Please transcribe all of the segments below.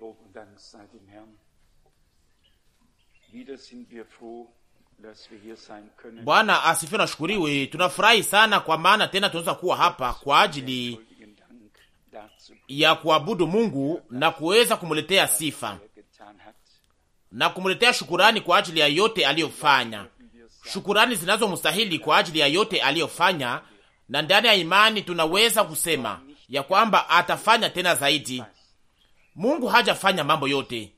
Lob und Dank sei dem Herrn. Wieder sind wir froh, dass wir hier sein können. Bwana asifiwe na shukuriwe. Tunafurahi sana kwa maana tena tunaweza kuwa hapa kwa ajili ya kuabudu Mungu na kuweza kumletea sifa na kumletea shukurani kwa ajili ya yote aliyofanya, shukurani zinazomstahili kwa ajili ya yote aliyofanya, na ndani ya imani tunaweza kusema ya kwamba atafanya tena zaidi Mungu hajafanya mambo yote,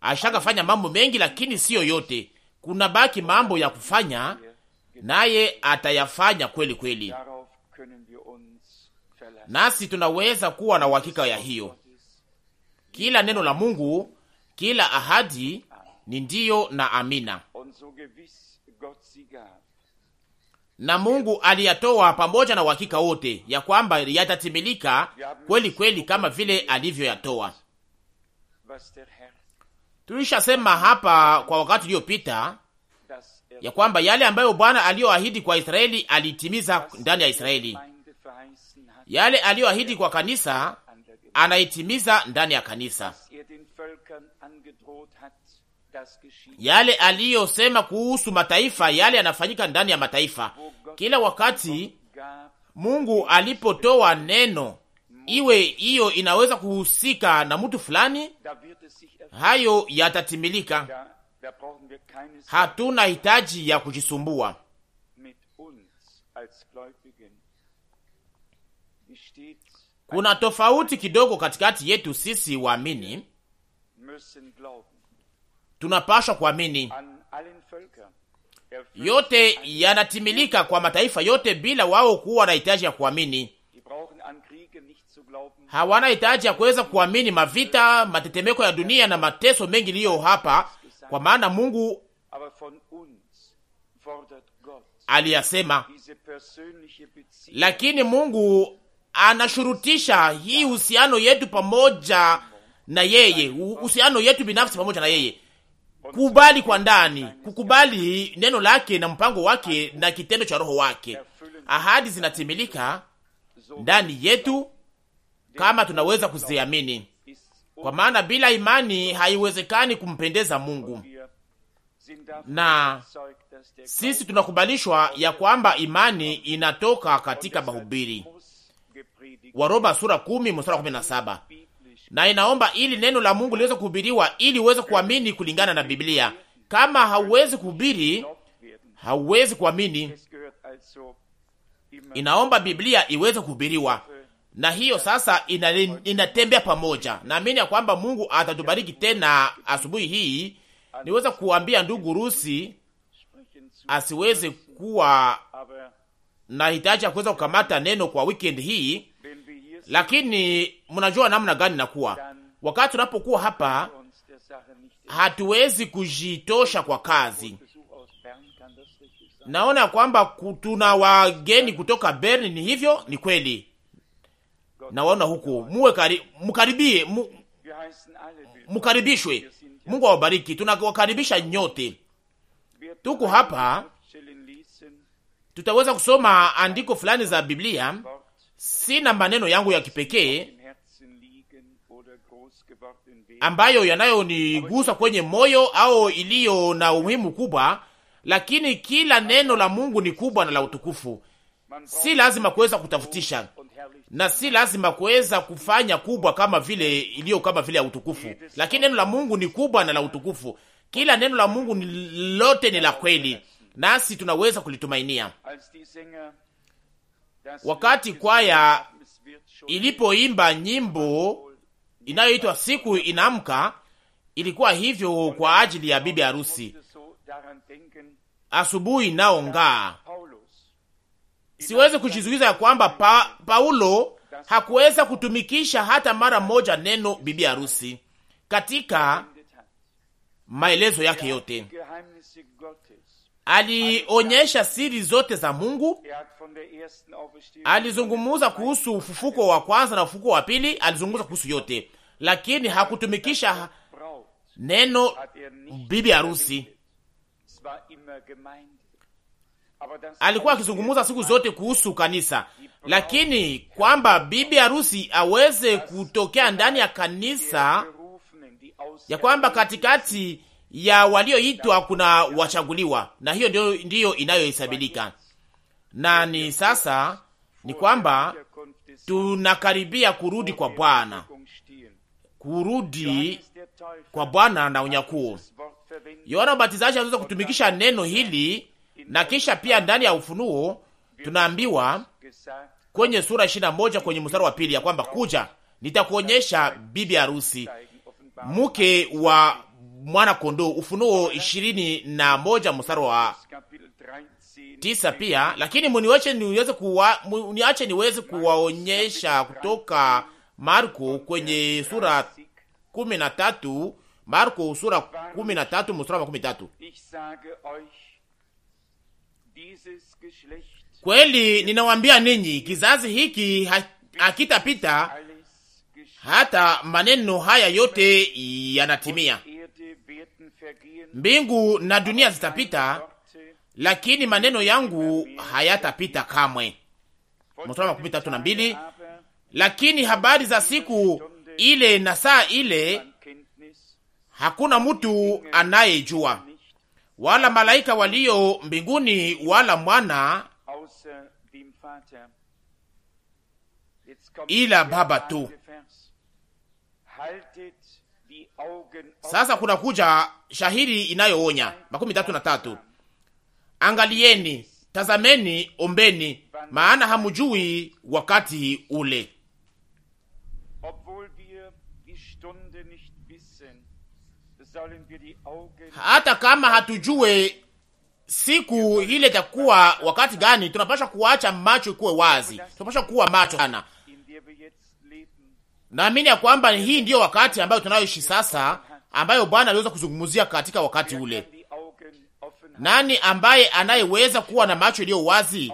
ashakafanya mambo mengi, lakini siyo yote. Kuna baki mambo ya kufanya, naye atayafanya kweli kweli, nasi tunaweza kuwa na uhakika ya hiyo. Kila neno la Mungu, kila ahadi ni ndiyo na amina, na Mungu aliyatoa pamoja na uhakika wote ya kwamba yatatimilika kweli kweli, kama vile alivyoyatoa. Tulishasema hapa kwa wakati uliopita ya kwamba yale ambayo Bwana aliyoahidi kwa Israeli alitimiza ndani ya Israeli, yale aliyoahidi kwa kanisa anaitimiza ndani ya kanisa, yale aliyosema kuhusu mataifa, yale yanafanyika ndani ya mataifa. Kila wakati Mungu alipotoa neno iwe hiyo inaweza kuhusika na mtu fulani, hayo yatatimilika. Hatuna hitaji ya kujisumbua. Kuna tofauti kidogo katikati yetu sisi waamini, tunapashwa kuamini. Yote yanatimilika kwa mataifa yote bila wao kuwa na hitaji ya kuamini hawana hitaji ya kuweza kuamini mavita, matetemeko ya dunia na mateso mengi iliyo hapa, kwa maana Mungu aliyasema. Lakini Mungu anashurutisha hii uhusiano yetu pamoja na yeye, uhusiano yetu binafsi pamoja na yeye, kubali kwa ndani, kukubali neno lake na mpango wake na kitendo cha roho wake. Ahadi zinatimilika ndani yetu kama tunaweza kuziamini, kwa maana bila imani haiwezekani kumpendeza Mungu, na sisi tunakubalishwa ya kwamba imani inatoka katika mahubiri, Waroma sura kumi mstari kumi na saba na inaomba ili neno la Mungu liweze kuhubiriwa ili uweze kuamini kulingana na Biblia. Kama hauwezi kuhubiri, hauwezi kuamini inaomba Biblia iweze kuhubiriwa, na hiyo sasa inatembea pamoja. Naamini ya kwamba Mungu atatubariki tena. Asubuhi hii niweza kuambia ndugu Rusi asiweze kuwa na hitaji ya kuweza kukamata neno kwa weekend hii, lakini mnajua namna gani nakuwa wakati tunapokuwa hapa hatuwezi kujitosha kwa kazi Naona kwamba tuna wageni kutoka Berni, ni hivyo? Ni kweli, nawaona huko. Muwe kari, mkaribie, mkaribishwe. Mungu awabariki. Tunawakaribisha nyote, tuko hapa. Tutaweza kusoma andiko fulani za Biblia. Sina maneno yangu ya kipekee ambayo yanayonigusa kwenye moyo au iliyo na umuhimu kubwa lakini kila neno la Mungu ni kubwa na la utukufu. Si lazima kuweza kutafutisha na si lazima kuweza kufanya kubwa kama vile iliyo kama vile ya utukufu, lakini neno la Mungu ni kubwa na la utukufu. Kila neno la Mungu ni lote ni la kweli, nasi tunaweza kulitumainia. Wakati kwaya ilipoimba nyimbo inayoitwa siku inaamka, ilikuwa hivyo kwa ajili ya bibi harusi asubuhi ngaa. Siwezi kujizuiza ya kwamba pa, Paulo hakuweza kutumikisha hata mara moja neno bibi harusi katika maelezo yake yaani yote. Alionyesha siri zote za Mungu, er alizungumuza kuhusu ufufuko wa kwanza na ufufuko wa pili, alizungumuza kuhusu yote, lakini er hakutumikisha neno er bibi harusi alikuwa akizungumza siku zote kuhusu kanisa, lakini kwamba bibi harusi aweze kutokea ndani ya kanisa, ya kwamba katikati ya walioitwa kuna wachaguliwa, na hiyo ndiyo, ndiyo inayohesabilika na ni sasa ni kwamba tunakaribia kurudi kwa Bwana, kurudi kwa Bwana na unyakuo. Yohana Mbatizaji anaweza kutumikisha neno hili, na kisha pia ndani ya Ufunuo tunaambiwa kwenye sura ishirini na moja kwenye mstari wa pili ya kwamba kuja, nitakuonyesha bibi harusi mke wa mwana kondoo. Ufunuo ishirini na moja mstari wa tisa pia. Lakini muniache niweze kuwa niache niweze kuwaonyesha kutoka Marko kwenye sura kumi na tatu Marko sura 13 mstari wa 13. Kweli ninawaambia ninyi, kizazi hiki hakitapita hata maneno haya yote yanatimia. Mbingu na dunia zitapita, lakini maneno yangu hayatapita kamwe. Mstari wa makumi tatu na mbili. Lakini habari za siku ile na saa ile hakuna mtu anayejua, wala malaika walio mbinguni, wala mwana, ila Baba tu. Sasa kuna kuja shahiri inayoonya makumi tatu na tatu: angalieni, tazameni, ombeni, maana hamujui wakati ule. hata kama hatujue siku ile itakuwa wakati gani, tunapasha kuacha macho ikuwe wazi, tunapasha kuwa macho sana. Naamini ya kwamba hii ndiyo wakati ambayo tunayoishi sasa, ambayo Bwana aliweza kuzungumzia katika wakati ule. Nani ambaye anayeweza kuwa na macho iliyo wazi?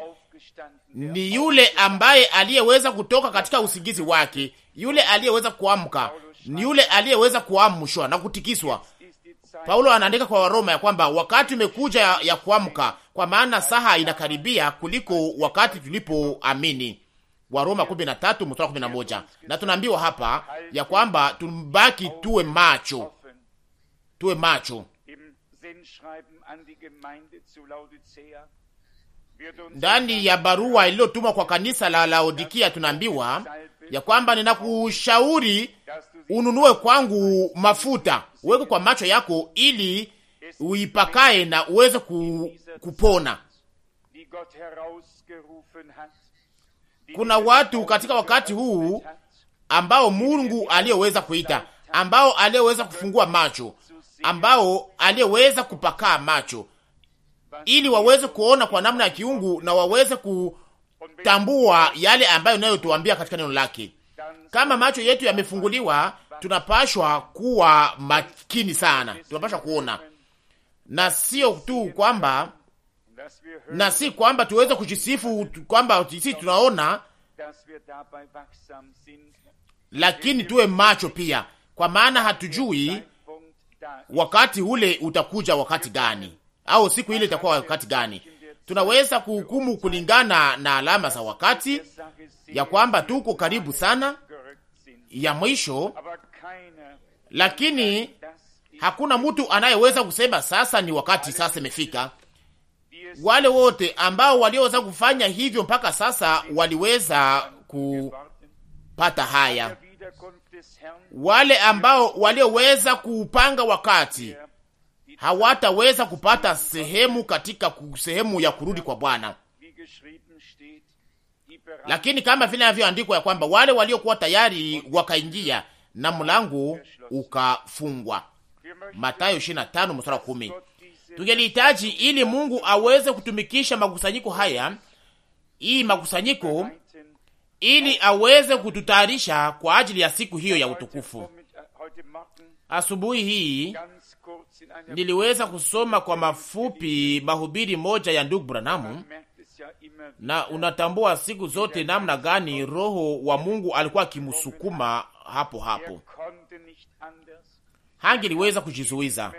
Ni yule ambaye aliyeweza kutoka katika usingizi wake, yule aliyeweza kuamka ni yule aliyeweza kuamshwa na kutikiswa. Paulo anaandika kwa Waroma ya kwamba wakati umekuja ya, ya kuamka, kwa maana saha inakaribia kuliko wakati tulipoamini. Waroma 13 11. Na tunaambiwa hapa ya kwamba tumbaki, tuwe macho, tuwe macho ndani ya barua iliyotumwa kwa kanisa la Laodikia tunaambiwa ya kwamba ninakushauri ununue kwangu mafuta uweke kwa macho yako, ili uipakae na uweze ku, kupona. Kuna watu katika wakati huu ambao Mungu aliyeweza kuita, ambao aliyeweza kufungua macho, ambao aliyeweza kupakaa macho ili waweze kuona kwa namna ya kiungu na waweze kutambua yale ambayo inayotuambia katika neno lake. Kama macho yetu yamefunguliwa, tunapashwa kuwa makini sana, tunapashwa kuona na sio tu kwamba na si kwamba tuweze kujisifu kwamba sisi tunaona, lakini tuwe macho pia, kwa maana hatujui wakati ule utakuja wakati gani au siku ile itakuwa wakati gani? Tunaweza kuhukumu kulingana na alama za wakati ya kwamba tuko karibu sana ya mwisho, lakini hakuna mtu anayeweza kusema sasa ni wakati sasa imefika. Wale wote ambao walioweza kufanya hivyo mpaka sasa waliweza kupata haya, wale ambao walioweza kuupanga wakati hawataweza kupata sehemu katika sehemu ya kurudi kwa Bwana. Lakini kama vile inavyoandikwa ya kwamba wale waliokuwa tayari wakaingia na mlango ukafungwa, Mathayo 25 mstari wa 10. Tungelihitaji ili Mungu aweze kutumikisha makusanyiko haya, hii makusanyiko, ili aweze kututayarisha kwa ajili ya siku hiyo ya utukufu. Asubuhi hii niliweza kusoma kwa mafupi mahubiri moja ya ndugu Branamu, na unatambua siku zote namna gani Roho wa Mungu alikuwa akimsukuma hapo hapo, hangeliweza kujizuiza.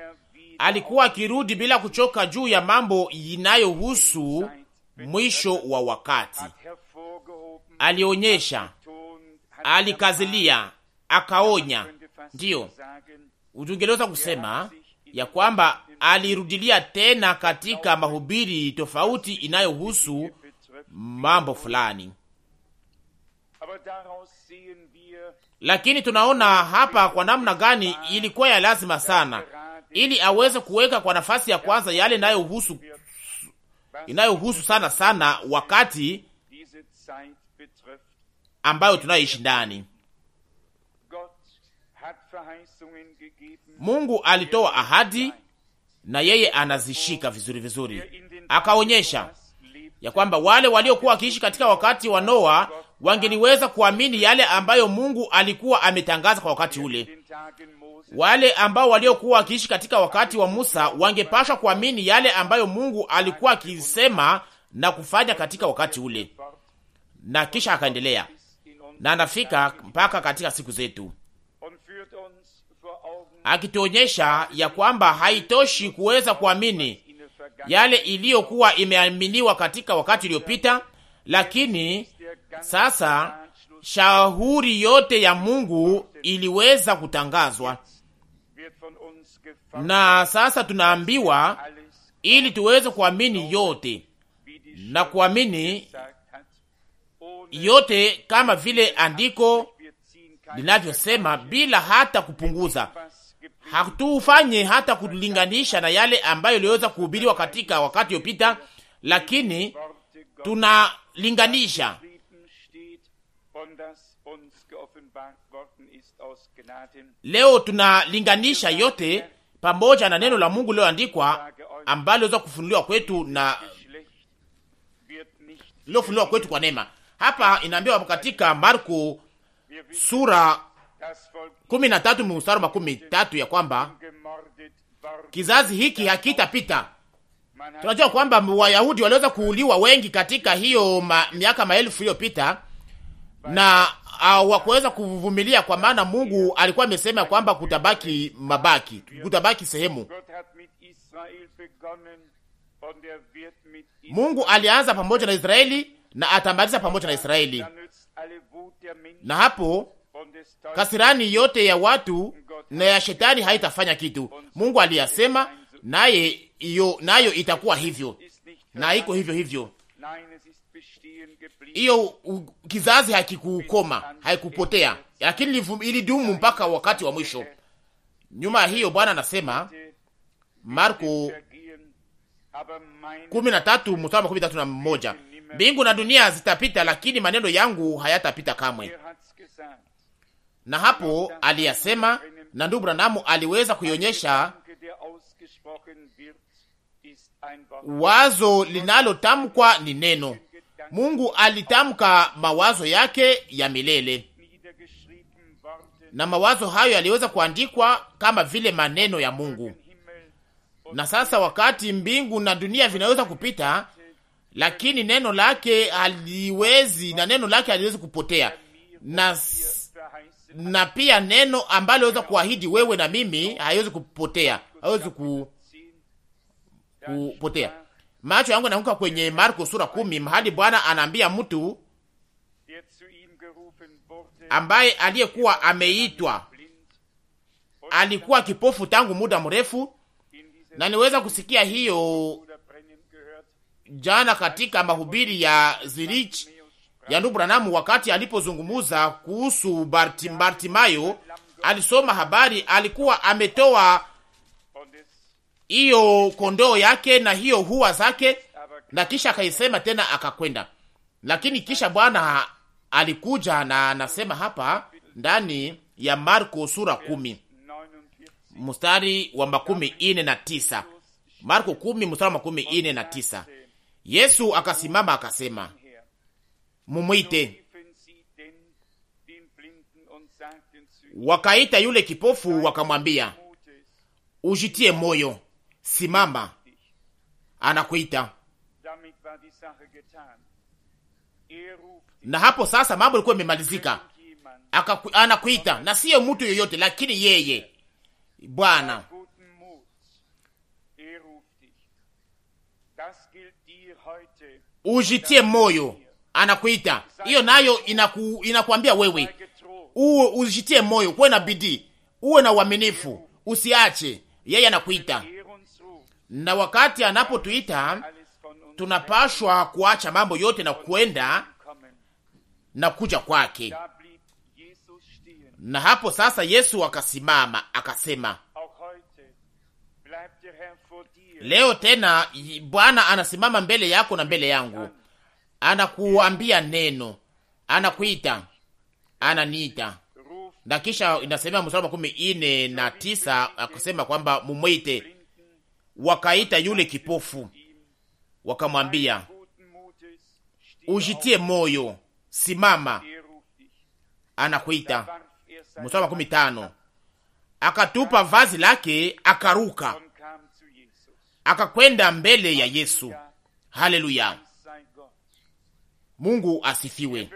Alikuwa akirudi bila kuchoka juu ya mambo inayohusu mwisho wa wakati. Alionyesha, alikazilia, akaonya. Ndiyo, ujungeliweza kusema ya kwamba alirudilia tena katika mahubiri tofauti inayohusu mambo fulani, lakini tunaona hapa kwa namna gani ilikuwa ya lazima sana ili aweze kuweka kwa nafasi ya kwanza yale inayohusu inayohusu sana sana wakati ambayo tunayoishi ndani. Mungu alitoa ahadi na yeye anazishika vizuri vizuri. Akaonyesha ya kwamba wale waliokuwa wakiishi katika wakati wa Noa wangeliweza kuamini yale ambayo Mungu alikuwa ametangaza kwa wakati ule. Wale ambao waliokuwa wakiishi katika wakati wa Musa wangepashwa kuamini yale ambayo Mungu alikuwa akisema na kufanya katika wakati ule, na kisha akaendelea na anafika mpaka katika siku zetu akituonyesha ya kwamba haitoshi kuweza kuamini yale iliyokuwa imeaminiwa katika wakati uliopita, lakini sasa shauri yote ya Mungu iliweza kutangazwa, na sasa tunaambiwa ili tuweze kuamini yote na kuamini yote kama vile andiko linavyosema, bila hata kupunguza, hatufanye hata kulinganisha na yale ambayo iliweza kuhubiriwa katika wakati uliopita, lakini tunalinganisha leo, tunalinganisha yote pamoja na neno la Mungu lilioandikwa ambalo liweza kufunuliwa kwetu na lilofunuliwa kwetu kwa neema. Hapa inaambiwa katika Marko sura kumi na tatu mstari makumi tatu ya kwamba kizazi hiki hakitapita. Tunajua kwamba Wayahudi waliweza kuuliwa wengi katika hiyo ma, miaka maelfu iliyopita na ah, hawakuweza kuvumilia, kwa maana Mungu alikuwa amesema kwamba kutabaki mabaki, kutabaki sehemu. Mungu alianza pamoja na Israeli na atamaliza pamoja na Israeli, na hapo kasirani yote ya watu na ya shetani haitafanya kitu. Mungu aliyasema naye, iyo nayo itakuwa hivyo, na iko hivyo hivyo. Hiyo kizazi hakikukoma haikupotea, lakini ilidumu mpaka wakati wa mwisho. Nyuma ya hiyo Bwana anasema Marko 13 mstari wa 13 na moja, mbingu na dunia zitapita, lakini maneno yangu hayatapita kamwe na hapo aliyasema, na ndugu Branamu aliweza kuionyesha wazo linalotamkwa ni neno. Mungu alitamka mawazo yake ya milele, na mawazo hayo yaliweza kuandikwa kama vile maneno ya Mungu. Na sasa wakati mbingu na dunia vinaweza kupita, lakini neno lake haliwezi, na neno lake haliwezi kupotea. Na na pia neno ambalo weza kuahidi wewe na mimi haiwezi kupotea, haiwezi ku, kupotea. Macho yangu yanaanguka kwenye Marko sura kumi mahali Bwana anaambia mtu ambaye aliyekuwa ameitwa alikuwa kipofu tangu muda mrefu, na niweza kusikia hiyo jana katika mahubiri ya Zurich ya yaani ndugu Branamu wakati alipozungumuza kuhusu Bartimayo alisoma habari, alikuwa ametoa hiyo kondoo yake na hiyo hua zake, na kisha akaisema tena akakwenda. Lakini kisha Bwana alikuja na anasema hapa ndani ya Marko sura kumi mstari wa makumi ine na tisa Marko kumi mstari wa makumi ine na tisa Yesu akasimama akasema mumwite. Wakaita yule kipofu wakamwambia, ujitie moyo, simama, anakuita. Na hapo sasa mambo yalikuwa imemalizika, anakuita na siyo mtu yoyote, lakini yeye Bwana. Ujitie moyo anakuita, hiyo nayo inaku, inakuambia wewe uwe ujitie moyo, kuwe na bidii, uwe na uaminifu, usiache. Yeye anakuita, na wakati anapotuita tunapashwa kuacha mambo yote na kwenda na kuja kwake. Na hapo sasa Yesu akasimama akasema, leo tena Bwana anasimama mbele yako na mbele yangu anakuambia neno, anakuita, ananiita na kisha inasemea mstari makumi ine na tisa akasema kwamba mumwite. Wakaita yule kipofu wakamwambia, ujitie moyo, simama, anakuita. Mstari makumi tano akatupa vazi lake akaruka, akakwenda mbele ya Yesu. Haleluya! Mungu asifiwe.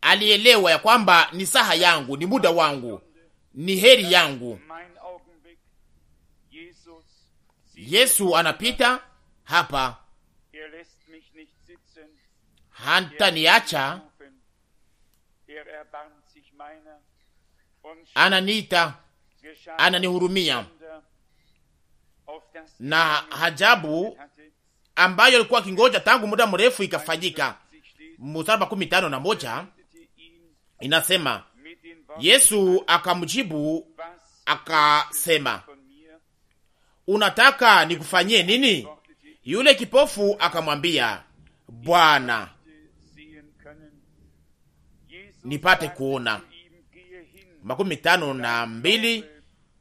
Alielewa ya kwamba ni saha yangu, ni muda wangu, ni heri yangu. Yesu anapita hapa, hataniacha, ananiita, ananihurumia na hajabu ambayo alikuwa akingoja tangu muda mrefu ikafanyika. Mstari kumi tano na moja inasema Yesu akamjibu akasema, unataka nikufanyie nini? Yule kipofu akamwambia, Bwana, nipate kuona. makumi tano na mbili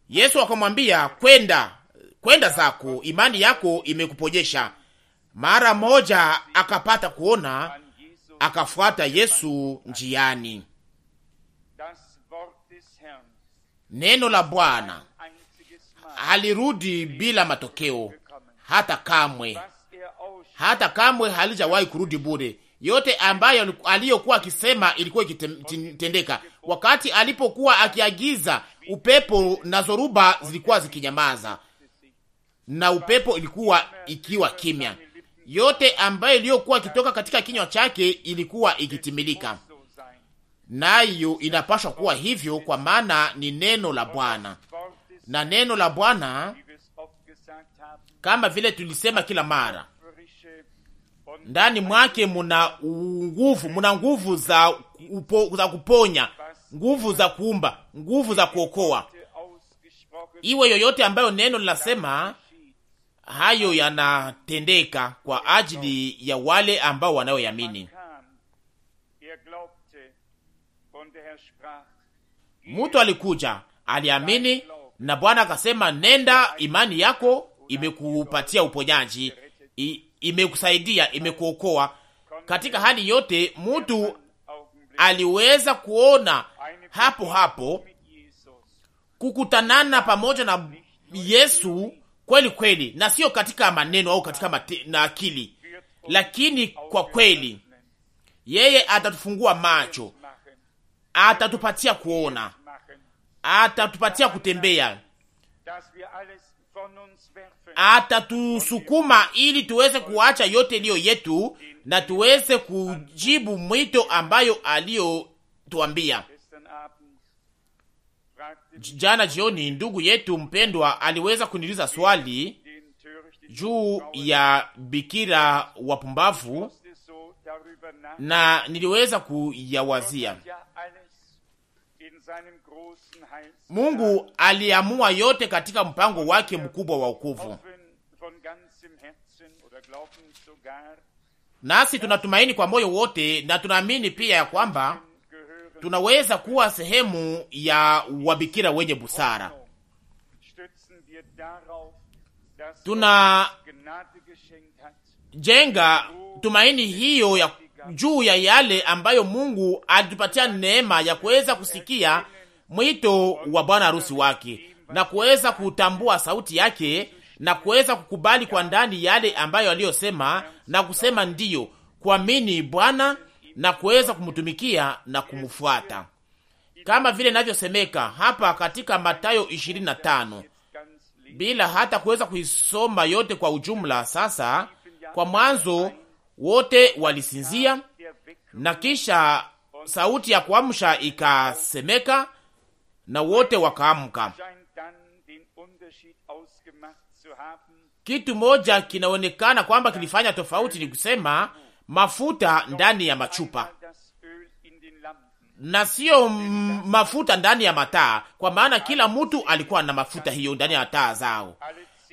Yesu akamwambia, kwenda kwenda zako, imani yako imekuponyesha mara moja akapata kuona, akafuata Yesu njiani. Neno la Bwana halirudi bila matokeo, hata kamwe, hata kamwe halijawahi kurudi bure. Yote ambayo aliyokuwa akisema ilikuwa ikitendeka. Wakati alipokuwa akiagiza, upepo na zoruba zilikuwa zikinyamaza, na upepo ilikuwa ikiwa kimya yote ambayo iliyokuwa ikitoka katika kinywa chake ilikuwa ikitimilika, nayo inapashwa kuwa hivyo, kwa maana ni neno la Bwana. Na neno la Bwana, kama vile tulisema kila mara, ndani mwake muna nguvu, muna nguvu za, upo, za kuponya, nguvu za kuumba, nguvu za kuokoa. Iwe yoyote ambayo neno linasema hayo yanatendeka kwa ajili ya wale ambao wanayoyamini. Mtu alikuja aliamini, na Bwana akasema, nenda, imani yako imekupatia uponyaji, imekusaidia, imekuokoa. Katika hali yote, mtu aliweza kuona hapo hapo kukutanana pamoja na Yesu kweli kweli, na sio katika maneno au katika mate, na akili, lakini kwa kweli yeye atatufungua macho, atatupatia kuona, atatupatia kutembea, atatusukuma ili tuweze kuacha yote iliyo yetu na tuweze kujibu mwito ambayo aliyotuambia jana jioni, ndugu yetu mpendwa aliweza kuniuliza swali juu ya bikira wapumbavu na niliweza kuyawazia. Mungu aliamua yote katika mpango wake mkubwa wa wokovu, nasi tunatumaini kwa moyo wote na tunaamini pia ya kwamba tunaweza kuwa sehemu ya wabikira wenye busara. Tunajenga tumaini hiyo ya juu ya yale ambayo Mungu alitupatia neema ya kuweza kusikia mwito wa bwana harusi wake na kuweza kutambua sauti yake na kuweza kukubali kwa ndani yale ambayo aliyosema na kusema ndiyo, kuamini Bwana na kuweza kumtumikia na kumfuata, kama vile inavyosemeka hapa katika Mathayo 25 bila hata kuweza kuisoma yote kwa ujumla. Sasa kwa mwanzo wote walisinzia, na kisha sauti ya kuamsha ikasemeka na wote wakaamka. Kitu moja kinaonekana kwamba kilifanya tofauti ni kusema mafuta ndani ya machupa na siyo mafuta ndani ya mataa, kwa maana kila mtu alikuwa na mafuta hiyo ndani ya taa zao.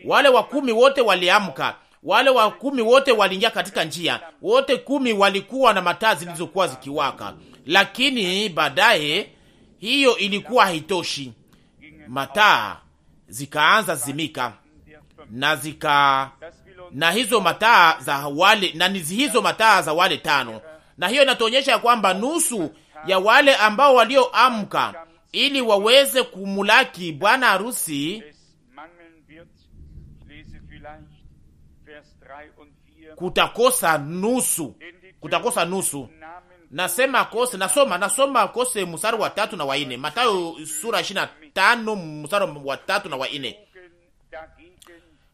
Wale wakumi wote waliamka, wale wakumi wote waliingia katika njia, wote kumi walikuwa na mataa zilizokuwa zikiwaka. Lakini baadaye hiyo ilikuwa haitoshi, mataa zikaanza zimika na zika na hizo mataa za wale na hizo mataa za wale tano, na hiyo inatuonyesha ya kwamba nusu ya wale ambao walioamka ili waweze kumulaki bwana harusi kutakosa nusu, kutakosa nusu. Nasema kose, nasoma nasoma kose mstari wa tatu na wa ine, Mathayo sura tano mstari wa tatu na wa ine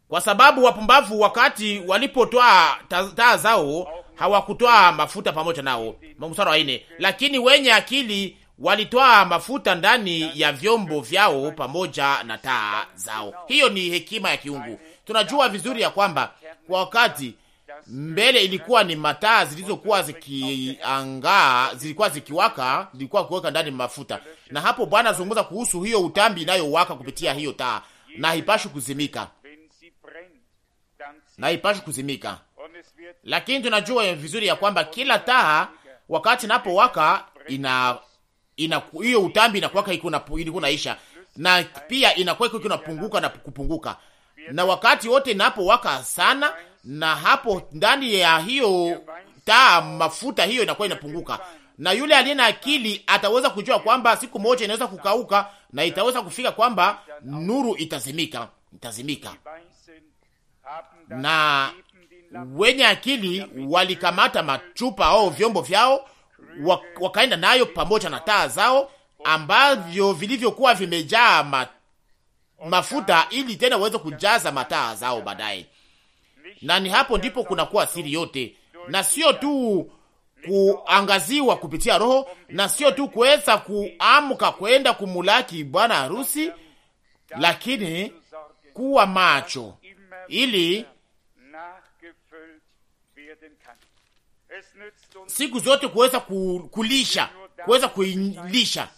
kwa sababu wapumbavu wakati walipotoa taa zao hawakutoa mafuta pamoja nao. Mstari wa nne, lakini wenye akili walitoa mafuta ndani ya vyombo vyao pamoja na taa zao. Hiyo ni hekima ya kiungu. Tunajua vizuri ya kwamba kwa wakati mbele ilikuwa ni mataa zilizokuwa zikiangaa, zilikuwa zikiwaka, zilikuwa kuweka ndani mafuta, na hapo Bwana azungumza kuhusu hiyo utambi inayowaka kupitia hiyo taa na haipashi kuzimika na haipashwi kuzimika, lakini tunajua vizuri ya kwamba kila taa wakati napowaka ina ina hiyo utambi inakuwaka iko naisha na pia inakuwa iko inapunguka na kupunguka, na wakati wote inapowaka sana, na hapo ndani ya hiyo taa mafuta hiyo inakuwa inapunguka, na yule aliye na akili ataweza kujua kwamba siku moja inaweza kukauka na itaweza kufika kwamba nuru itazimika, itazimika na wenye akili walikamata machupa au vyombo vyao wakaenda nayo pamoja na taa zao ambavyo vilivyokuwa vimejaa ma, mafuta ili tena waweze kujaza mataa zao baadaye. Na ni hapo ndipo kunakuwa siri yote, na sio tu kuangaziwa kupitia Roho, na sio tu kuweza kuamka kwenda kumulaki bwana harusi, lakini kuwa macho ili siku zote kuweza kulisha, kuweza kuilisha.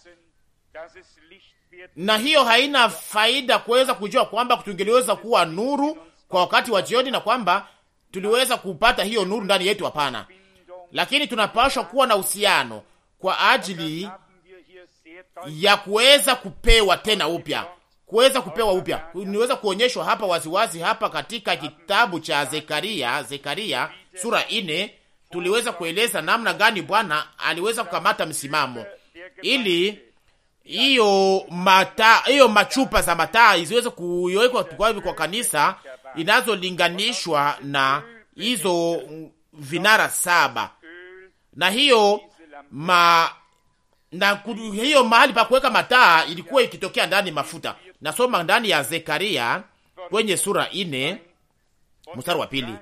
Na hiyo haina faida kuweza kujua kwamba tungeliweza kuwa nuru kwa wakati wa jioni na kwamba tuliweza kupata hiyo nuru ndani yetu. Hapana, lakini tunapaswa kuwa na uhusiano kwa ajili ya kuweza kupewa tena upya kuweza kupewa upya. Niweza kuonyeshwa hapa waziwazi wazi hapa katika kitabu cha Zekaria, Zekaria sura ine, tuliweza kueleza namna gani Bwana aliweza kukamata msimamo ili hiyo mata hiyo machupa za mataa ziweze kuwekwa tukwavi kwa kanisa inazolinganishwa na hizo vinara saba na hiyo ma na hiyo mahali pa kuweka mataa ilikuwa ikitokea ndani mafuta Nasoma ndani ya Zekaria kwenye sura ine mstari wa pili.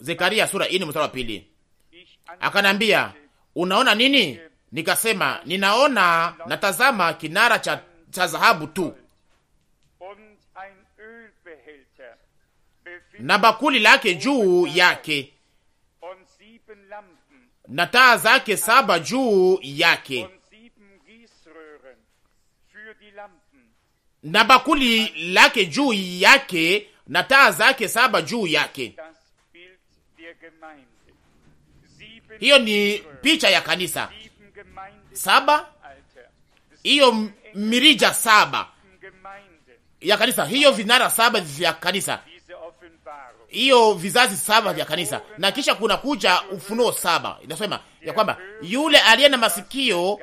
Zekaria sura ine mstari wa pili. Akanambia, unaona nini? Nikasema, ninaona natazama kinara cha, cha dhahabu tu na bakuli lake juu yake na taa zake saba juu yake na bakuli lake juu yake na taa zake saba juu yake. Hiyo ni picha ya kanisa saba, hiyo mirija saba ya kanisa, hiyo vinara saba vya kanisa, hiyo vizazi saba vya kanisa. Na kisha kuna kuja Ufunuo saba, inasema ya kwamba yule aliye na masikio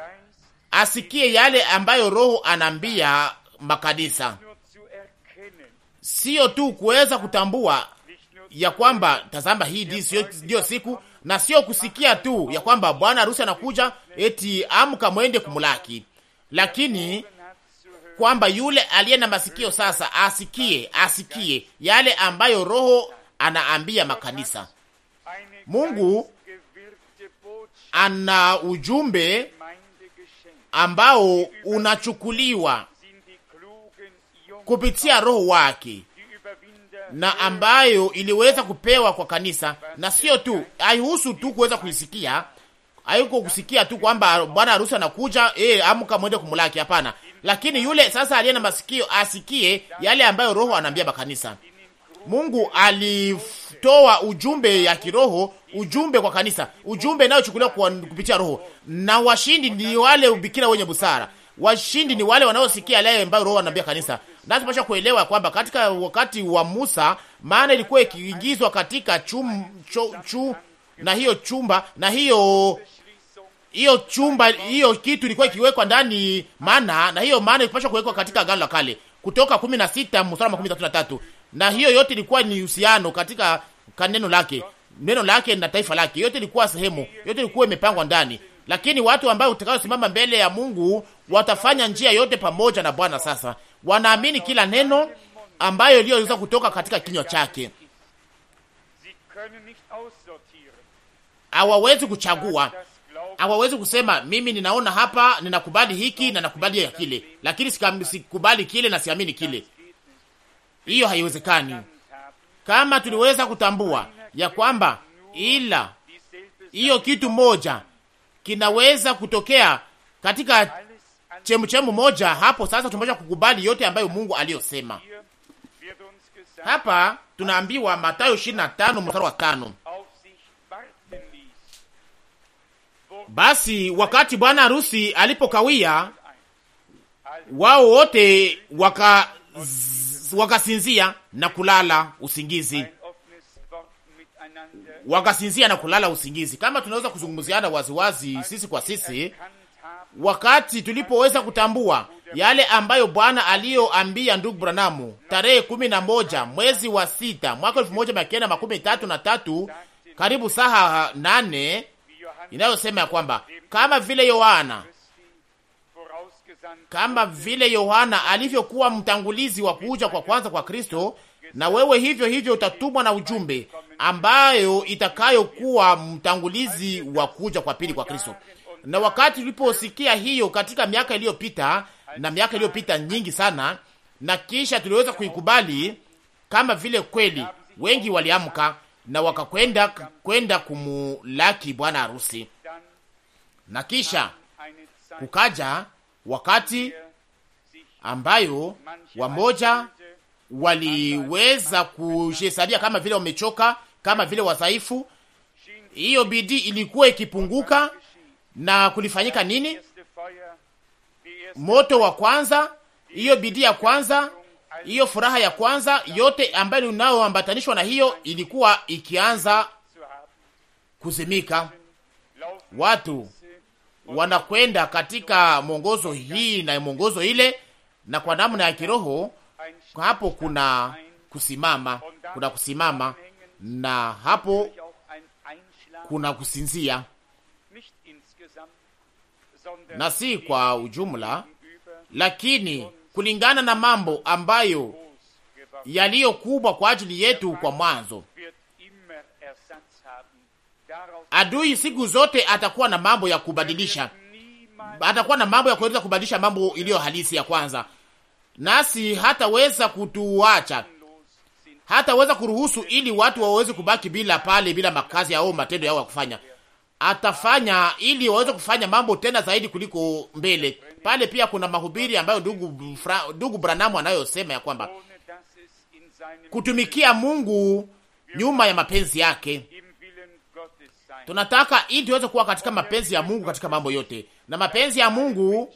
asikie yale ambayo Roho anaambia makanisa, sio tu kuweza kutambua ya kwamba tazama, hii ndiyo siku, na sio kusikia tu ya kwamba bwana harusi anakuja, eti amka mwende kumulaki, lakini kwamba yule aliye na masikio sasa asikie, asikie yale ambayo Roho anaambia makanisa. Mungu ana ujumbe ambao unachukuliwa kupitia Roho wake na ambayo iliweza kupewa kwa kanisa, na sio tu haihusu tu kuweza kuisikia, haiko kusikia tu kwamba bwana harusi anakuja, eh, amka mwende kumlaki. Hapana, lakini yule sasa aliye na masikio asikie yale ambayo Roho anaambia makanisa. Mungu alitoa ujumbe ya kiroho, ujumbe kwa kanisa, ujumbe inayochukuliwa kupitia Roho. Na washindi ni wale ubikira wenye busara, washindi ni wale wanaosikia yale ambayo Roho anaambia kanisa Lazima cha kuelewa kwamba katika wakati wa Musa maana ilikuwa ikiingizwa katika chum, cho, chu, na hiyo chumba na hiyo hiyo chumba hiyo kitu ilikuwa ikiwekwa ndani mana, na hiyo maana ilipaswa kuwekwa katika Agano la Kale, Kutoka 16 mstari wa 13, na hiyo yote ilikuwa ni uhusiano katika kaneno lake neno lake na taifa lake, yote ilikuwa sehemu, yote ilikuwa imepangwa ndani. Lakini watu ambao utakaosimama mbele ya Mungu watafanya njia yote pamoja na Bwana. Sasa wanaamini kila neno ambayo iliyoweza kutoka katika kinywa chake. Hawawezi kuchagua, hawawezi kusema mimi ninaona hapa, ninakubali hiki na nakubali ya kile, lakini sikubali kile na siamini kile. Hiyo haiwezekani. Kama tuliweza kutambua ya kwamba ila hiyo kitu moja kinaweza kutokea katika chemuchemu moja hapo. Sasa tumoja kukubali yote ambayo Mungu aliyosema hapa. Tunaambiwa Mathayo 25 mstari wa 5, basi wakati bwana harusi alipokawia, wao wote wakasinzia waka na kulala usingizi wakasinzia na kulala usingizi. Kama tunaweza kuzungumziana waziwazi sisi kwa sisi, wakati tulipoweza kutambua yale ambayo Bwana aliyoambia ndugu Branamu tarehe kumi na moja mwezi wa sita mwaka elfu moja mia kenda makumi tatu na tatu karibu saha nane inayosema ya kwamba kama vile Yohana kama vile Yohana alivyokuwa mtangulizi wa kuja kwa kwanza kwa Kristo, na wewe hivyo hivyo utatumwa na ujumbe ambayo itakayokuwa mtangulizi wa kuja kwa pili kwa Kristo na wakati tuliposikia hiyo katika miaka iliyopita na miaka iliyopita nyingi sana, na kisha tuliweza kuikubali kama vile kweli, wengi waliamka na wakakwenda kwenda kumulaki bwana harusi, na kisha kukaja wakati ambayo wamoja waliweza kujihesabia kama vile wamechoka, kama vile wadhaifu. Hiyo bidii ilikuwa ikipunguka na kulifanyika nini? Moto wa kwanza, hiyo bidii ya kwanza, hiyo furaha ya kwanza, yote ambayo unaoambatanishwa na hiyo ilikuwa ikianza kuzimika. Watu wanakwenda katika mwongozo hii na mwongozo ile, na kwa namna ya kiroho hapo kuna kusimama, kuna kusimama, na hapo kuna kusinzia na si kwa ujumla, lakini kulingana na mambo ambayo yaliyokubwa kwa ajili yetu kwa mwanzo. Adui siku zote atakuwa na mambo ya kubadilisha, atakuwa na mambo ya kuweza kubadilisha mambo iliyo halisi ya kwanza, nasi hataweza kutuacha, hataweza kuruhusu ili watu waweze kubaki bila pale, bila makazi yao, matendo yao ya kufanya atafanya ili waweze kufanya mambo tena zaidi kuliko mbele. Pale pia kuna mahubiri ambayo ndugu ndugu Branamu anayosema ya kwamba kutumikia Mungu nyuma ya mapenzi yake. Tunataka ili tuweze kuwa katika mapenzi ya Mungu katika mambo yote, na mapenzi ya Mungu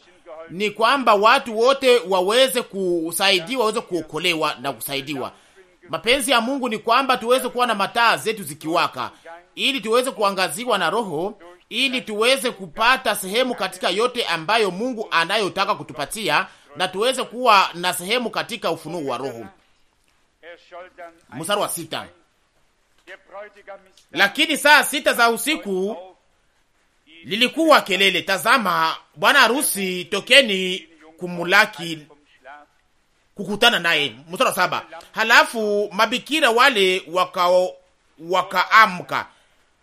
ni kwamba watu wote waweze kusaidiwa, waweze kuokolewa na kusaidiwa Mapenzi ya Mungu ni kwamba tuweze kuwa na mataa zetu zikiwaka, ili tuweze kuangaziwa na Roho, ili tuweze kupata sehemu katika yote ambayo Mungu anayotaka kutupatia, na tuweze kuwa na sehemu katika ufunuo wa Roho. Mstari wa sita. Lakini saa sita za usiku lilikuwa kelele, tazama, bwana harusi tokeni kumulaki kukutana naye. Mstari wa saba, halafu mabikira wale wakaamka waka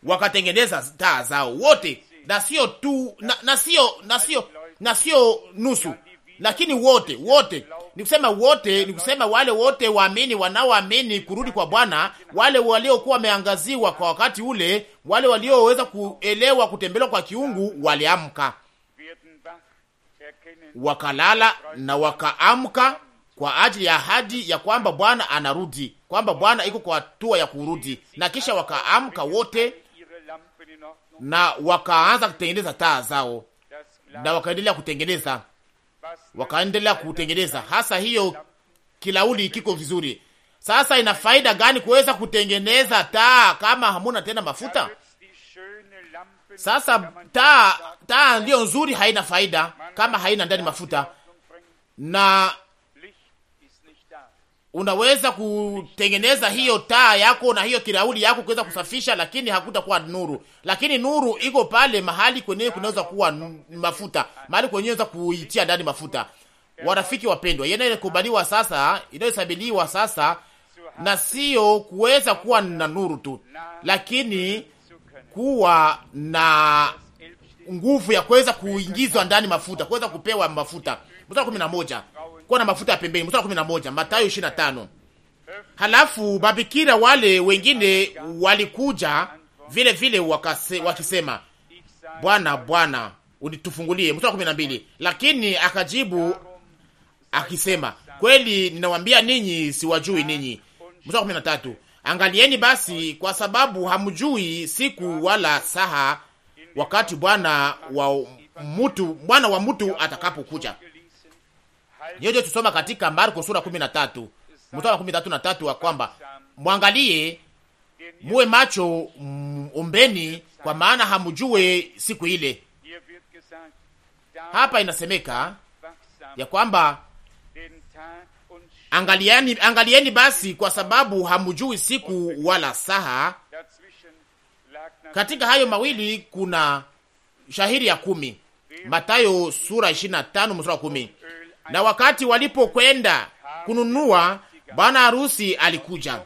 wakatengeneza taa zao wote, na sio tu na, na sio na sio na sio nusu, lakini wote wote ni kusema wote, ni kusema wale wote waamini, wanaoamini kurudi kwa Bwana, wale waliokuwa wameangaziwa kwa wakati ule, wale walioweza kuelewa kutembelewa kwa kiungu, waliamka wakalala na wakaamka kwa ajili ya ahadi ya kwamba Bwana anarudi, kwamba Bwana iko kwa hatua ya kurudi. Na kisha wakaamka wote na wakaanza kutengeneza taa zao, na wakaendelea kutengeneza, wakaendelea kutengeneza. Hasa hiyo kilauli kiko vizuri. Sasa ina faida gani kuweza kutengeneza taa kama hamuna tena mafuta? Sasa taa, taa ndiyo nzuri, haina faida kama haina ndani mafuta na Unaweza kutengeneza hiyo taa yako na hiyo kirauli yako kuweza kusafisha, lakini hakutakuwa nuru. Lakini nuru iko pale mahali kwenyewe kunaweza kuwa mafuta, mahali kwenyewe unaweza kuitia ndani mafuta. Warafiki wapendwa, kubaliwa sasa, inayosabiliwa sasa, na sio kuweza kuwa na nuru tu, lakini kuwa na nguvu ya kuweza kuingizwa ndani mafuta, kuweza kupewa mafuta. Mstari kumi na moja kuwa na mafuta ya pembeni. Mstari kumi na moja Mathayo ishirini na tano. Halafu babikira wale wengine walikuja vile vile wakase, wakisema Bwana, Bwana, unitufungulie. Mstari kumi na mbili. Lakini akajibu akisema kweli ninawaambia ninyi, siwajui ninyi. Mstari kumi na tatu. Angalieni basi, kwa sababu hamjui siku wala saha wakati Bwana wa mtu Bwana wa mtu atakapokuja. Hiyo tusoma katika Marko sura 13 mstari wa 13 wa kwamba mwangalie, muwe macho, ombeni, kwa maana hamjue siku ile. Hapa inasemeka ya kwamba angalieni, angalieni basi, kwa sababu hamjui siku wala saha. Katika hayo mawili kuna shahiri ya kumi, Matayo sura 25 mstari wa na wakati walipokwenda kununua, bwana harusi alikuja,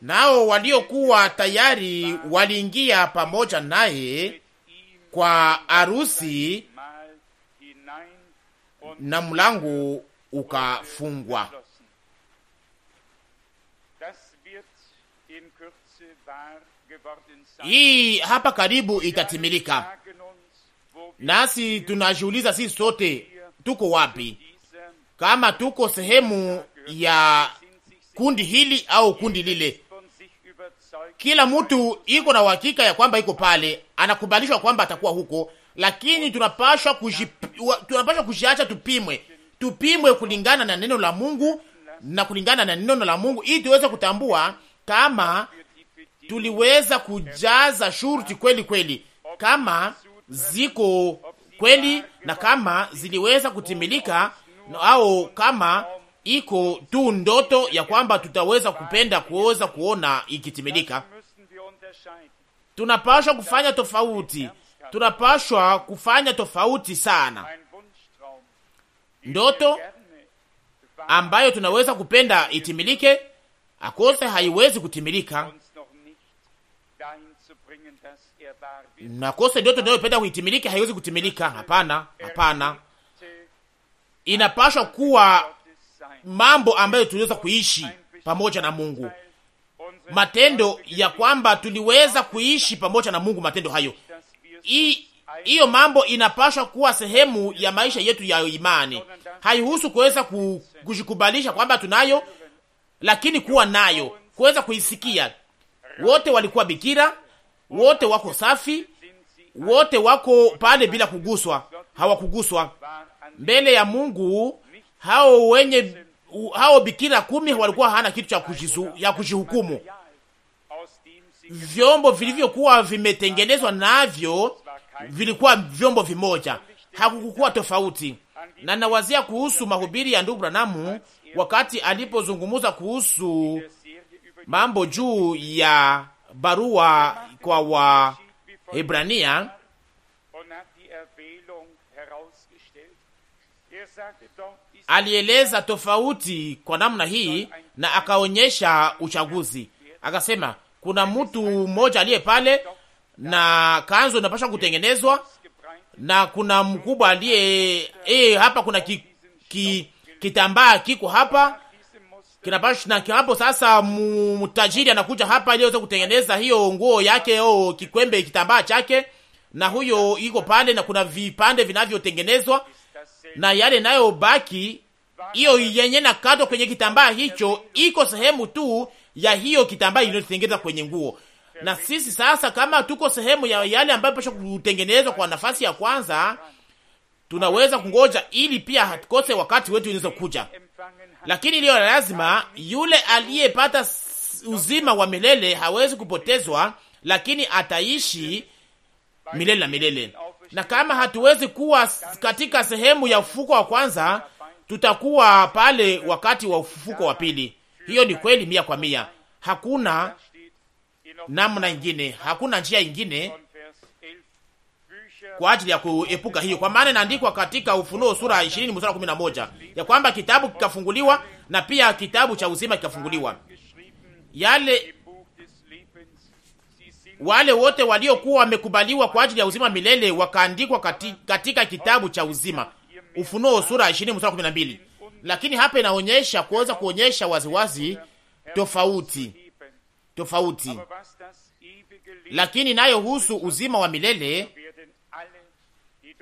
nao waliokuwa tayari waliingia pamoja naye kwa harusi, na mlango ukafungwa. Hii hapa karibu itatimilika, nasi tunajiuliza sisi sote, tuko wapi? kama tuko sehemu ya kundi hili au kundi lile. Kila mtu iko na uhakika ya kwamba iko pale, anakubalishwa kwamba atakuwa huko, lakini tunapashwa kuji, tunapashwa kujiacha tupimwe, tupimwe kulingana na neno la Mungu na kulingana na neno la Mungu ili tuweze kutambua kama tuliweza kujaza shurti kweli kweli, kama ziko kweli na kama ziliweza kutimilika au kama iko tu ndoto ya kwamba tutaweza kupenda kuweza kuona ikitimilika. Tunapashwa kufanya tofauti, tunapashwa kufanya tofauti sana. Ndoto ambayo tunaweza kupenda itimilike akose, haiwezi kutimilika nakose. Ndoto tunayopenda kuitimilika haiwezi kutimilika. Hapana, hapana inapashwa kuwa mambo ambayo tuliweza kuishi pamoja na Mungu, matendo ya kwamba tuliweza kuishi pamoja na Mungu, matendo hayo hiyo mambo inapashwa kuwa sehemu ya maisha yetu ya imani. Haihusu kuweza kujikubalisha kwamba tunayo, lakini kuwa nayo, kuweza kuisikia. Wote walikuwa bikira, wote wako safi, wote wako pale bila kuguswa, hawakuguswa mbele ya Mungu. Hao wenye hao bikira kumi walikuwa hana kitu cha kujizu, ya kujihukumu. Vyombo vilivyokuwa vimetengenezwa navyo vilikuwa vyombo vimoja, hakukukuwa tofauti. Na nawazia kuhusu mahubiri ya ndugu Branamu wakati alipozungumza kuhusu mambo juu ya barua kwa hebrania alieleza tofauti kwa namna hii na akaonyesha uchaguzi, akasema kuna mtu mmoja aliye pale na kanzu inapasha kutengenezwa na kuna mkubwa aliye e, hapa kuna ki, ki, kitambaa kiko hapa kinapasha na Sasa mtajiri anakuja hapa ili aweze kutengeneza hiyo nguo yake au kikwembe kitambaa chake, na huyo iko pale na kuna vipande vinavyotengenezwa na yale nayobaki, hiyo yenye na kato kwenye kitambaa hicho, iko sehemu tu ya hiyo kitambaa iliyotengeza kwenye nguo. Na sisi sasa, kama tuko sehemu ya yale ambayo pasha kutengenezwa kwa nafasi ya kwanza, tunaweza kungoja ili pia hatukose wakati wetu unaweza kuja, lakini iliyo lazima, yule aliyepata uzima wa milele hawezi kupotezwa, lakini ataishi milele na milele na kama hatuwezi kuwa katika sehemu ya ufufuko wa kwanza, tutakuwa pale wakati wa ufufuko wa pili. Hiyo ni kweli mia kwa mia, hakuna namna ingine, hakuna njia ingine kwa ajili ya kuepuka hiyo, kwa maana inaandikwa katika Ufunuo sura 20 mstari 11 ya kwamba kitabu kikafunguliwa na pia kitabu cha uzima kikafunguliwa. Yale wale wote waliokuwa wamekubaliwa kwa ajili ya uzima milele wakaandikwa kati, katika kitabu cha uzima, Ufunuo sura 20 mstari 12. Lakini hapa inaonyesha kuweza kuonyesha waziwazi tofauti tofauti, lakini nayo husu uzima wa milele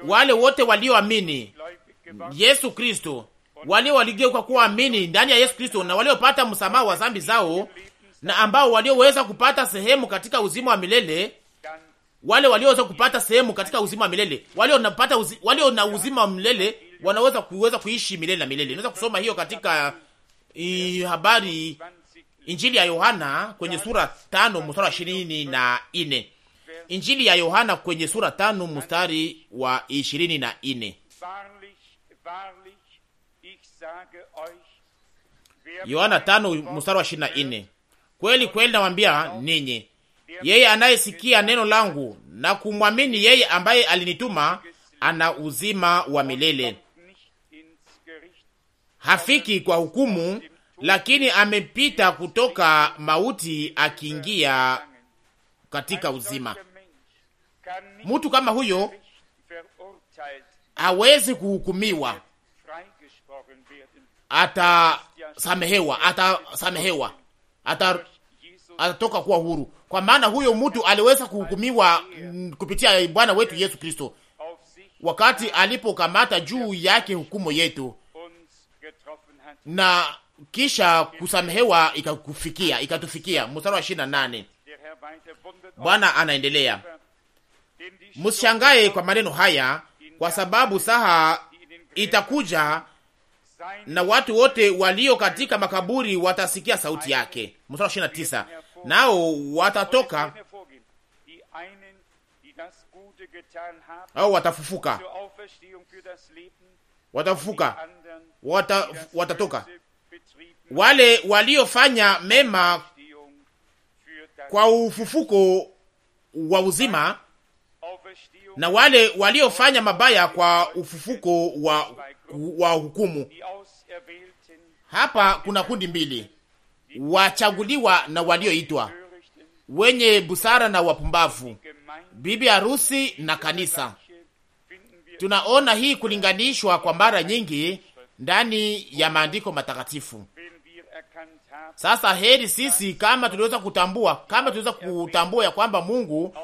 wale wote walioamini Yesu Kristo, wale waligeuka kuwa amini ndani ya Yesu Kristo na waliopata msamaha wa dhambi zao na ambao walioweza kupata sehemu katika uzima wa milele wale walioweza kupata sehemu katika uzima wa milele walio napata uzi, walio na uzima wa milele wanaweza kuweza kuishi milele na milele. Naweza kusoma hiyo katika i, habari Injili ya Yohana kwenye sura tano mstari wa ishirini na nne. Injili ya Yohana kwenye sura tano mstari wa ishirini na nne. Yohana tano mstari wa ishirini na nne. Kweli kweli nawaambia ninyi, yeye anayesikia neno langu na kumwamini yeye ambaye alinituma ana uzima wa milele, hafiki kwa hukumu, lakini amepita kutoka mauti akiingia katika uzima. Mtu kama huyo hawezi kuhukumiwa, atasamehewa, atasamehewa, ata atatoka kuwa huru, kwa maana huyo mtu aliweza kuhukumiwa mm, kupitia Bwana wetu Yesu Kristo, wakati alipokamata juu yake hukumu yetu na kisha kusamehewa ikakufikia ikatufikia. Mstari wa ishirini na nane Bwana anaendelea, msishangae kwa maneno haya, kwa sababu saha itakuja na watu wote walio katika makaburi watasikia sauti yake. Mstari wa ishirini na tisa nao watatoka au watafufuka, watafufuka, wata, watatoka wale waliofanya mema kwa ufufuko wa uzima na wale waliofanya mabaya kwa ufufuko wa, wa hukumu. Hapa kuna kundi mbili wachaguliwa na walioitwa, wenye busara na wapumbavu, bibi harusi na kanisa. Tunaona hii kulinganishwa kwa mara nyingi ndani ya maandiko matakatifu. Sasa heri sisi kama tuliweza kutambua, kama tuliweza kutambua ya kwamba Mungu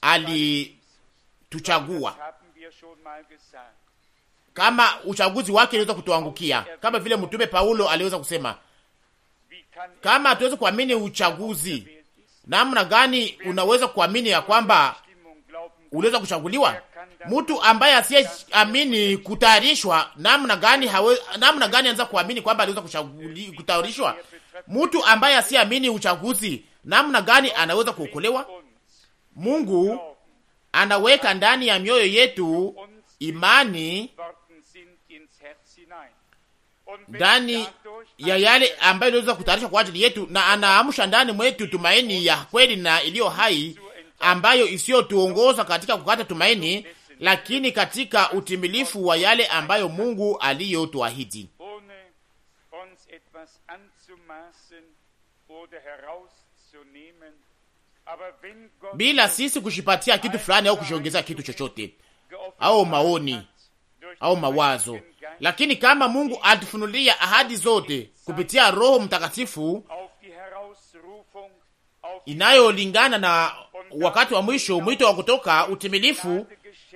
alituchagua kama uchaguzi wake uliweza kutuangukia, kama vile mtume Paulo aliweza kusema kama hatuwezi kuamini uchaguzi, namna gani unaweza kuamini ya kwamba uliweza kuchaguliwa? Mtu ambaye asiyeamini kutayarishwa, namna gani hawe, namna gani anaweza kuamini kwamba aliweza kutayarishwa? Mtu ambaye asiyeamini uchaguzi, namna gani anaweza kuokolewa? Mungu anaweka ndani ya mioyo yetu imani ndani ya yale ambayo iliweza kutayarisha kwa ajili yetu, na anaamsha ndani mwetu tumaini ya kweli na iliyo hai ambayo isiyotuongoza katika kukata tumaini, lakini katika utimilifu wa yale ambayo Mungu aliyotuahidi. Bila sisi kushipatia kitu fulani au kushiongeza kitu chochote au maoni au mawazo, lakini kama Mungu alitufunulia ahadi zote kupitia Roho Mtakatifu inayolingana na wakati wa mwisho, mwito wa kutoka utimilifu,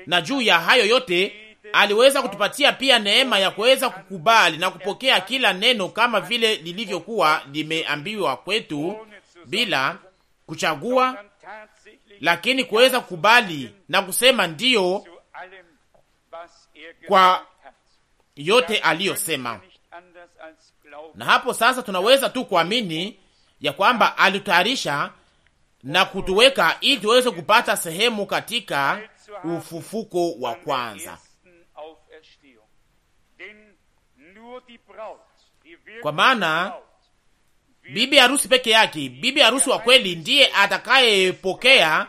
na juu ya hayo yote aliweza kutupatia pia neema ya kuweza kukubali na kupokea kila neno kama vile lilivyokuwa limeambiwa kwetu bila kuchagua, lakini kuweza kukubali na kusema ndiyo kwa yote aliyosema, na hapo sasa tunaweza tu kuamini ya kwamba alitayarisha na kutuweka ili tuweze kupata sehemu katika ufufuko wa kwanza, kwa maana bibi harusi peke yake, bibi harusi wa kweli ndiye atakayepokea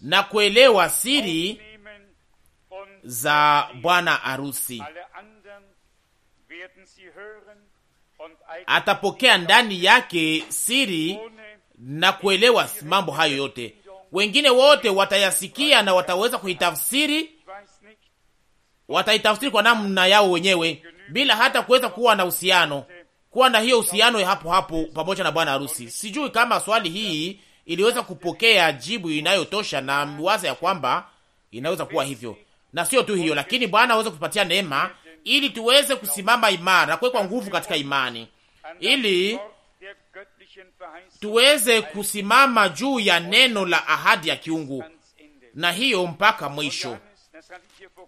na kuelewa siri za bwana harusi atapokea ndani yake siri na kuelewa mambo hayo yote. Wengine wote watayasikia na wataweza kuitafsiri, wataitafsiri kwa namna yao wenyewe bila hata kuweza kuwa na uhusiano, kuwa na hiyo uhusiano ya hapo hapo pamoja na bwana harusi. Sijui kama swali hii iliweza kupokea jibu inayotosha, na mwaza ya kwamba inaweza kuwa hivyo. Na sio tu hiyo, lakini Bwana aweze kutupatia neema ili tuweze kusimama imara na kuwekwa nguvu katika imani, ili tuweze kusimama juu ya neno la ahadi ya kiungu, na hiyo mpaka mwisho.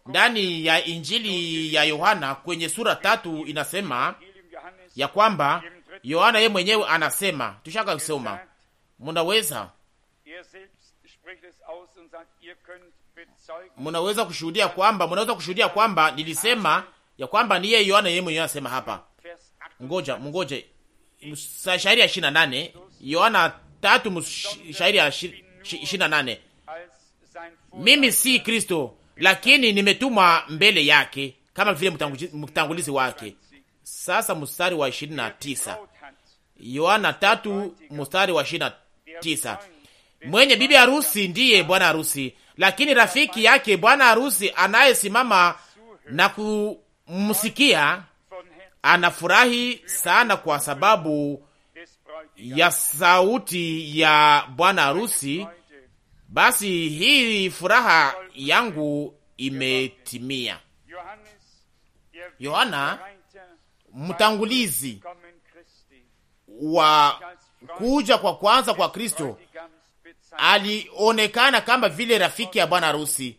Ndani ya Injili ya Yohana kwenye sura tatu inasema ya kwamba Yohana ye mwenyewe anasema, tushaka kusoma, munaweza er munaweza kushuhudia kwamba munaweza kushuhudia kwamba nilisema ya kwamba ni yeye Yohana yeye mwenyewe anasema hapa. Ngoja, mngoje. Shahiri ya nane Yohana tatu shahiri ya nane Mimi si Kristo, lakini nimetumwa mbele yake kama vile mtangulizi wake. Sasa mstari wa ishirini na tisa Yohana tatu mstari wa ishirini na tisa Mwenye bibi harusi ndiye bwana harusi lakini rafiki yake bwana harusi anayesimama na kumsikia anafurahi sana kwa sababu ya sauti ya bwana harusi. Basi hii furaha yangu imetimia. Yohana mtangulizi wa kuja kwa kwanza kwa Kristo alionekana kama vile rafiki ya bwana harusi.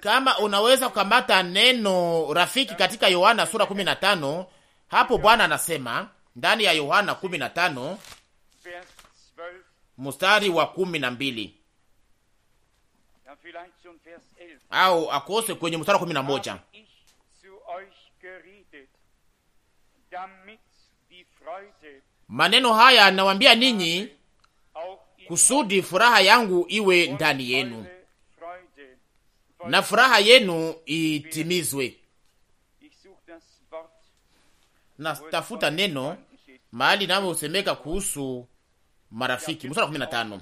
Kama unaweza kukamata neno rafiki katika Yohana sura 15, hapo Bwana anasema ndani ya Yohana 15 mstari wa 12 au akose kwenye mstari wa 11 maneno haya nawambia ninyi kusudi furaha yangu iwe ndani yenu na furaha yenu itimizwe. Na tafuta neno mahali namosemeka kuhusu marafiki, mstari na tano.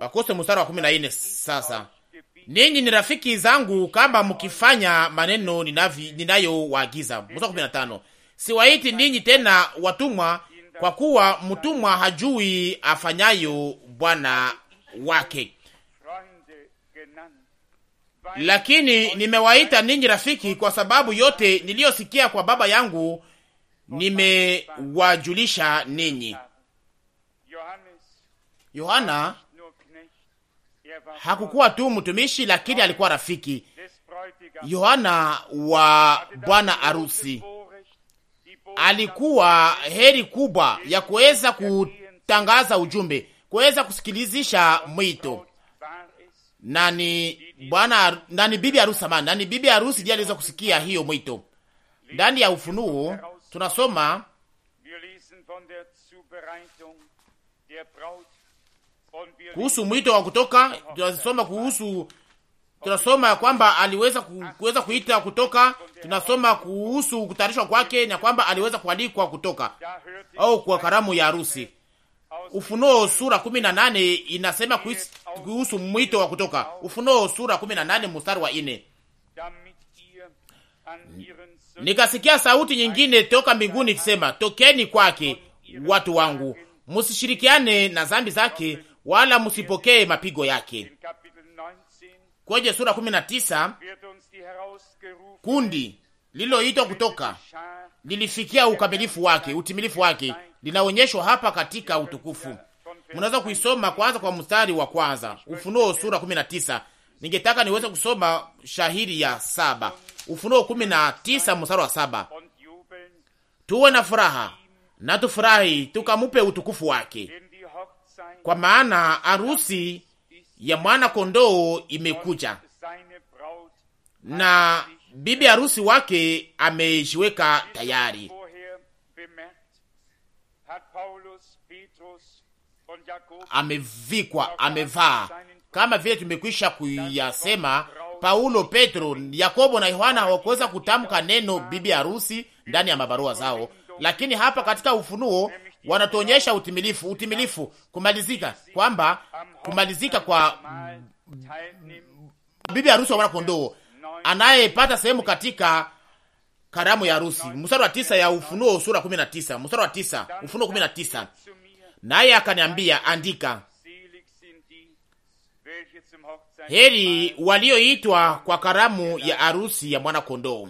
akose mstari wa kumi na 14. Sasa ninyi ni rafiki zangu kama mkifanya maneno ninayowaagiza. Mstari na tano. Siwaiti ninyi tena watumwa, kwa kuwa mtumwa hajui afanyayo bwana wake, lakini nimewaita ninyi rafiki, kwa sababu yote niliyosikia kwa Baba yangu nimewajulisha ninyi. Yohana hakukuwa tu mtumishi, lakini alikuwa rafiki, Yohana wa bwana arusi alikuwa heri kubwa ya kuweza kutangaza ujumbe, kuweza kusikilizisha mwito. Nani bwana, nani bibi harusi samani, nani bibi harusi ndiye aliweza kusikia hiyo mwito. Ndani ya Ufunuo tunasoma kuhusu mwito wa kutoka, tunasoma kuhusu tunasoma ya kwamba aliweza ku, kuweza kuita kutoka, tunasoma kuhusu kutayarishwa kwake na kwamba aliweza kualikwa kutoka au kwa karamu ya harusi. Ufunuo sura 18 inasema kuhusu mwito wa kutoka. Ufunuo sura 18 mstari wa 4, nikasikia sauti nyingine toka mbinguni ikisema, tokeni kwake watu wangu, msishirikiane na zambi zake, wala msipokee mapigo yake kwenye sura 19 kundi lililoitwa kutoka lilifikia ukamilifu wake, utimilifu wake, linaonyeshwa hapa katika utukufu. Mnaweza kuisoma kwanza kwa mstari wa kwanza, Ufunuo sura 19. Ningetaka niweze kusoma shahiri ya saba, Ufunuo 19 mstari wa saba: tuwe na furaha na tufurahi, tukamupe utukufu wake, kwa maana arusi ya mwana kondoo imekuja na bibi harusi wake ameshiweka tayari. Amevikwa, amevaa kama vile tumekwisha kuyasema. Paulo, Petro, Yakobo na Yohana hawakuweza kutamka neno bibi harusi ndani ya mabarua zao, lakini hapa katika Ufunuo wanatuonyesha utimilifu, utimilifu, kumalizika kwamba kumalizika kwa bibi harusi wa mwanakondoo anayepata sehemu katika karamu ya harusi. Mstari wa tisa ya Ufunuo sura 19, mstari wa tisa, Ufunuo tisa. Naye akaniambia andika, heri walioitwa kwa karamu ya harusi ya mwanakondoo.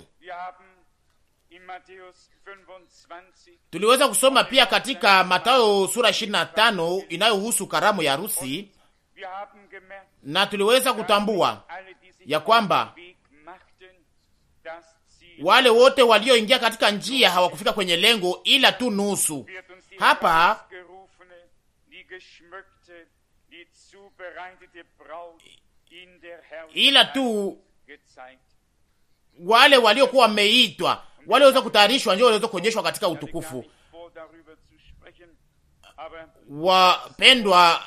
Tuliweza kusoma pia katika Mathayo sura 25 inayohusu karamu ya harusi, na tuliweza kutambua ya kwamba wale wote walioingia katika njia hawakufika kwenye lengo, ila tu nusu. Hapa ila tu wale waliokuwa wameitwa wale waweza kutayarishwa ndio waweza kuonyeshwa katika utukufu. Wapendwa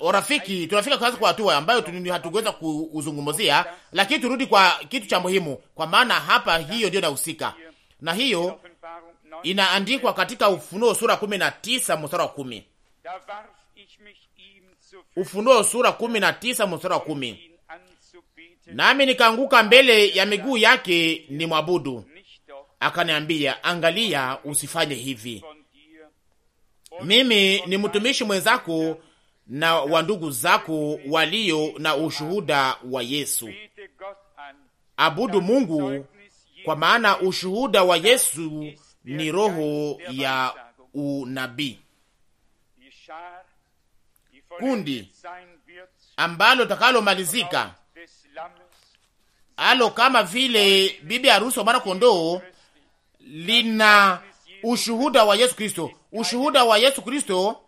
Orafiki, tunafika kazi kwa hatua ambayo hatuweza kuzungumzia, lakini turudi kwa kitu cha muhimu, kwa maana hapa hiyo ndio inahusika na hiyo inaandikwa katika Ufunuo sura kumi na tisa mstari wa kumi. Ufunuo sura kumi na tisa mstari wa kumi, nami nikaanguka mbele ya miguu yake ni mwabudu akaniambia, angalia, usifanye hivi. Mimi ni mtumishi mwenzako na wa ndugu zako walio na ushuhuda wa Yesu. Abudu Mungu, kwa maana ushuhuda wa Yesu ni roho ya unabii. Kundi ambalo takalomalizika alo kama vile bibi harusi wa mwana kondoo lina ushuhuda wa Yesu Kristo. Ushuhuda wa Yesu Kristo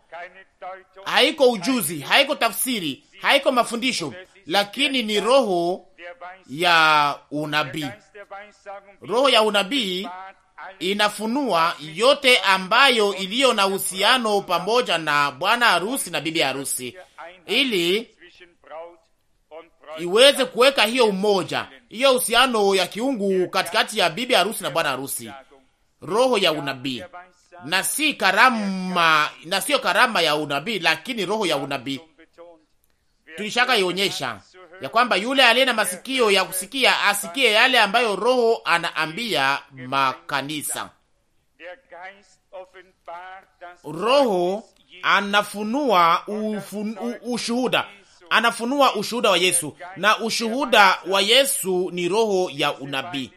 haiko ujuzi, haiko tafsiri, haiko mafundisho, lakini ni roho ya unabii. Roho ya unabii inafunua yote ambayo iliyo na uhusiano pamoja na bwana harusi na bibi harusi, ili iweze kuweka hiyo umoja hiyo uhusiano ya kiungu katikati ya bibi harusi na bwana harusi, roho ya unabii na si karama, na sio karama ya unabii, lakini roho ya unabii. Tulishaka ionyesha ya kwamba yule aliye na masikio ya kusikia asikie yale ambayo roho anaambia makanisa. Roho anafunua ufun, u, ushuhuda anafunua ushuhuda wa Yesu, na ushuhuda wa Yesu ni roho ya unabii.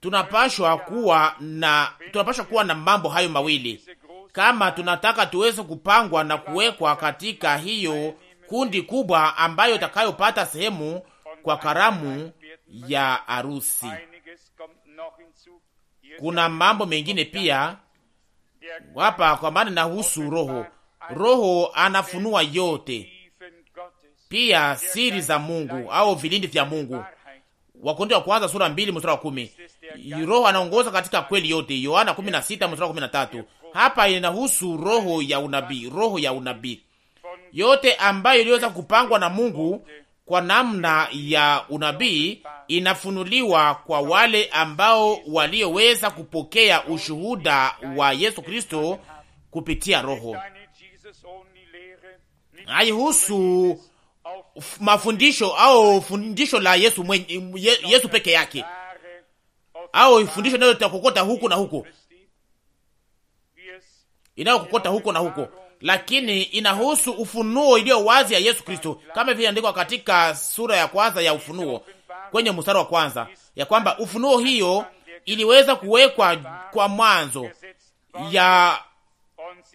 Tunapashwa kuwa na, tunapashwa kuwa na mambo hayo mawili kama tunataka tuweze kupangwa na kuwekwa katika hiyo kundi kubwa ambayo itakayopata sehemu kwa karamu ya harusi. Kuna mambo mengine pia hapa, kwa maana inahusu roho. Roho anafunua yote pia siri za Mungu au vilindi vya Mungu. Wakorintho wa kwanza sura mbili mstari wa kumi. Roho anaongoza katika kweli yote, Yohana sita mstari wa tatu. Hapa inahusu roho ya unabii, roho ya unabii yote ambayo iliweza kupangwa na Mungu kwa namna ya unabii inafunuliwa kwa wale ambao walioweza kupokea ushuhuda wa Yesu Kristo kupitia Roho. Haihusu mafundisho au fundisho la Yesu mwenye, Yesu peke yake au fundisho inayokokota huku na huko inayokokota huko na huko, lakini inahusu ufunuo iliyo wazi ya Yesu Kristo, kama vile andikwa katika sura ya kwanza ya Ufunuo kwenye mstari wa kwanza ya kwamba ufunuo hiyo iliweza kuwekwa kwa mwanzo ya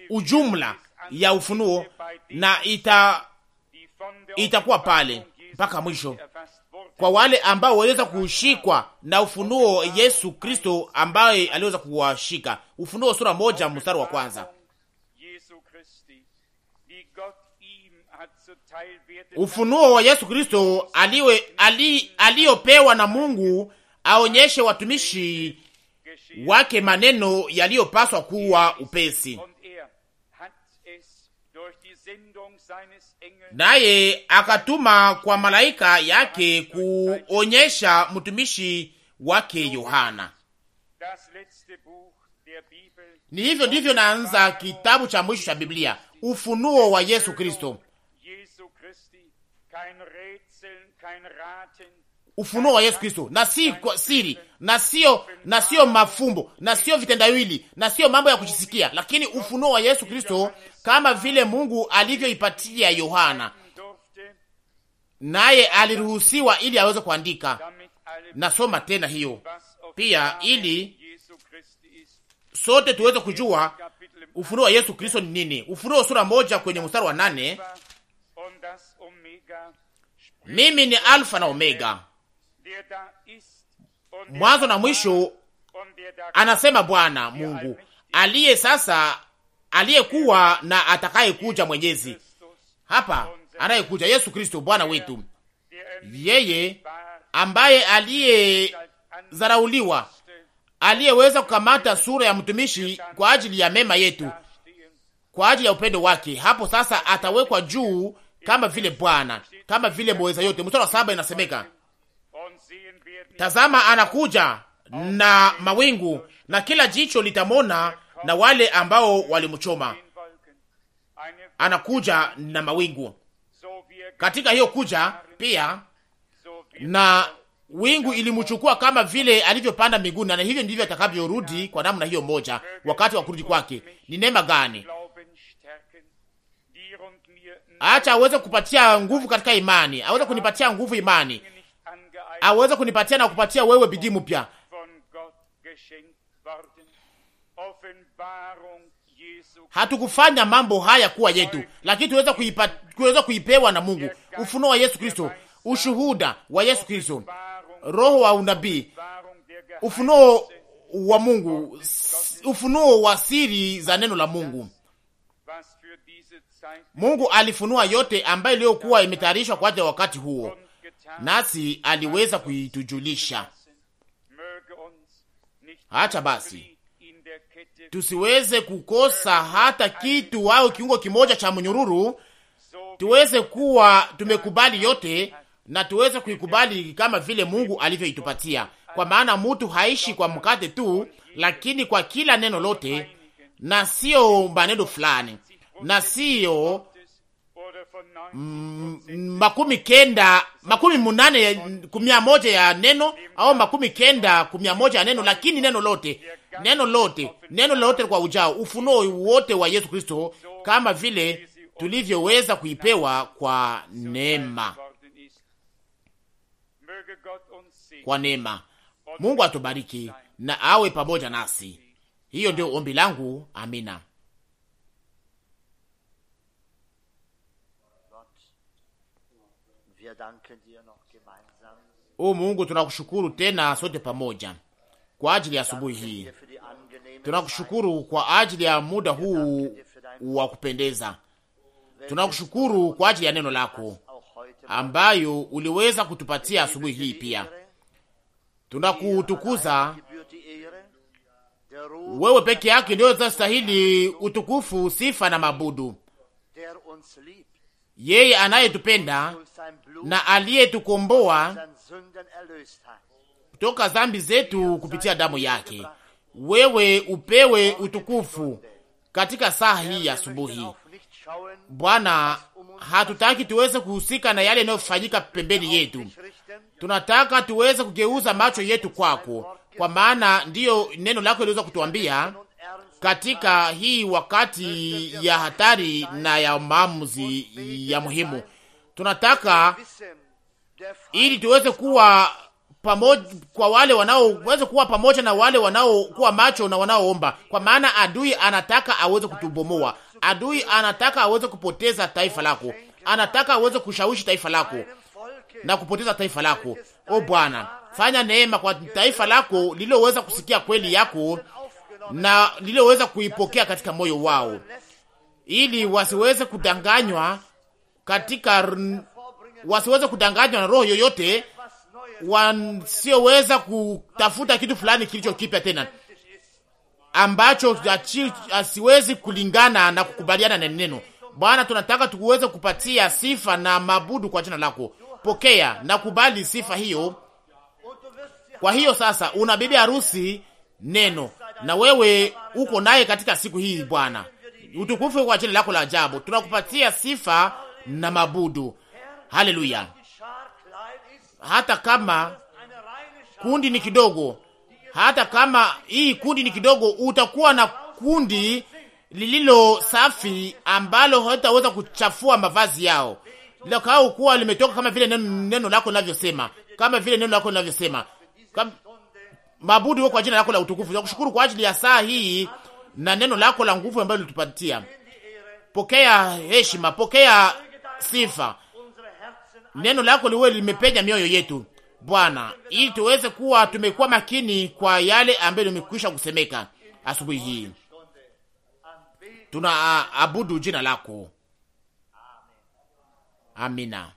ujumla ya ufunuo na ita itakuwa pale mpaka mwisho kwa wale ambao waliweza kushikwa na ufunuo Yesu Kristo ambaye aliweza kuwashika. Ufunuo sura moja mstari wa kwanza. Ufunuo wa Yesu Kristo aliwe ali, aliyopewa na Mungu aonyeshe watumishi wake maneno yaliyopaswa kuwa upesi. naye akatuma kwa malaika yake kuonyesha mtumishi wake Yohana. Ni hivyo ndivyo naanza kitabu cha mwisho cha Biblia, ufunuo wa Yesu Kristo ufunuo wa Yesu Kristo, na si kwa siri, na sio na sio mafumbo, na sio vitendawili, na sio mambo ya kujisikia, lakini ufunuo wa Yesu Kristo kama vile Mungu alivyoipatia Yohana, naye aliruhusiwa ili aweze kuandika. Nasoma tena hiyo pia, ili sote tuweze kujua ufunuo wa Yesu Kristo ni nini. Ufunuo sura moja kwenye mstari wa nane mimi ni Alfa na Omega, mwanzo na mwisho, anasema Bwana Mungu aliye sasa, aliyekuwa na atakayekuja, Mwenyezi hapa anayekuja, Yesu Kristo Bwana wetu, yeye ambaye aliyezarauliwa, aliyeweza kukamata sura ya mtumishi kwa ajili ya mema yetu, kwa ajili ya upendo wake. Hapo sasa atawekwa juu kama vile Bwana, kama vile mweza yote. Mstari wa saba inasemeka Tazama, anakuja na mawingu, na kila jicho litamona, na wale ambao walimchoma. Anakuja na mawingu. Katika hiyo kuja pia na wingu ilimchukua kama vile alivyopanda mbinguni, na hivyo ndivyo atakavyorudi kwa namna hiyo moja, wakati wa kurudi kwake. Ni neema gani! Acha aweze kupatia nguvu katika imani, aweze kunipatia nguvu imani, aweze kunipatia na kupatia wewe bidii mpya. Hatukufanya mambo haya kuwa yetu, lakini tuweza kuipa, tuweza kuipewa na Mungu. Ufunuo wa Yesu Kristo, ushuhuda wa Yesu Kristo, roho wa unabii, ufunuo wa Mungu, ufunuo wa siri za neno la Mungu. Mungu alifunua yote ambayo iliyokuwa imetayarishwa kwa ajili ya wakati huo nasi aliweza kuitujulisha. Hacha basi tusiweze kukosa hata kitu au kiungo kimoja cha mnyururu, tuweze kuwa tumekubali yote na tuweze kuikubali kama vile Mungu alivyoitupatia, kwa maana mutu haishi kwa mkate tu, lakini kwa kila neno lote, na siyo maneno fulani, na siyo Mm, makumi kenda makumi munane kumia moja ya neno au makumi kenda kumia moja ya neno, lakini neno lote neno lote neno lote kwa ujao ufunuo wote wa Yesu Kristo kama vile tulivyoweza kuipewa kwa neema kwa neema. Mungu atubariki na awe pamoja nasi. Hiyo ndio ombi langu. Amina. O Mungu, tunakushukuru tena sote pamoja kwa ajili ya asubuhi hii, tunakushukuru kwa ajili ya muda huu wa kupendeza, tunakushukuru kwa ajili ya neno lako ambayo uliweza kutupatia asubuhi hii. Pia tunakutukuza wewe peke yake, ndio unastahili utukufu, sifa na mabudu. Yeye anayetupenda na aliyetukomboa kutoka dhambi zetu kupitia damu yake. Wewe upewe utukufu katika saa hii ya asubuhi. Bwana, hatutaki tuweze kuhusika na yale yanayofanyika pembeni yetu, tunataka tuweze kugeuza macho yetu kwako, kwa maana ndiyo neno lako iliweza kutuambia katika hii wakati ya hatari na ya maamuzi ya muhimu tunataka ili tuweze kuwa pamoja kwa wale wanao wanaoweza kuwa pamoja na wale wanaokuwa macho na wanaoomba, kwa maana adui anataka aweze kutubomoa. Adui anataka aweze kupoteza taifa lako, anataka aweze kushawishi taifa lako na kupoteza taifa lako. O Bwana, fanya neema kwa taifa lako lililoweza kusikia kweli yako na lililoweza kuipokea katika moyo wao, ili wasiweze kudanganywa katika wasiweze kudanganywa na roho yoyote, wasioweza kutafuta kitu fulani kilicho kipya tena ambacho asiwezi kulingana na kukubaliana na neno. Bwana, tunataka tuweze kupatia sifa na mabudu kwa jina lako. Pokea na kubali sifa hiyo. Kwa hiyo sasa, una bibi harusi neno, na wewe uko naye katika siku hii. Bwana, utukufu kwa jina lako la ajabu. Tunakupatia sifa na mabudu. Haleluya! Hata kama kundi ni kidogo, hata kama hii kundi ni kidogo, utakuwa na kundi lililo safi ambalo hawataweza kuchafua mavazi yao, lakao kuwa limetoka kama vile neno, neno lako linavyosema, kama vile neno lako linavyosema. Mabudu kwa jina lako la utukufu, tunakushukuru kwa ajili ya saa hii na neno lako la nguvu ambalo ulitupatia. Pokea heshima, pokea sifa. Neno lako liwe limepenya mioyo yetu Bwana, ili tuweze kuwa tumekuwa makini kwa yale ambayo limekwisha kusemeka asubuhi hii. Tunaabudu jina lako, amina.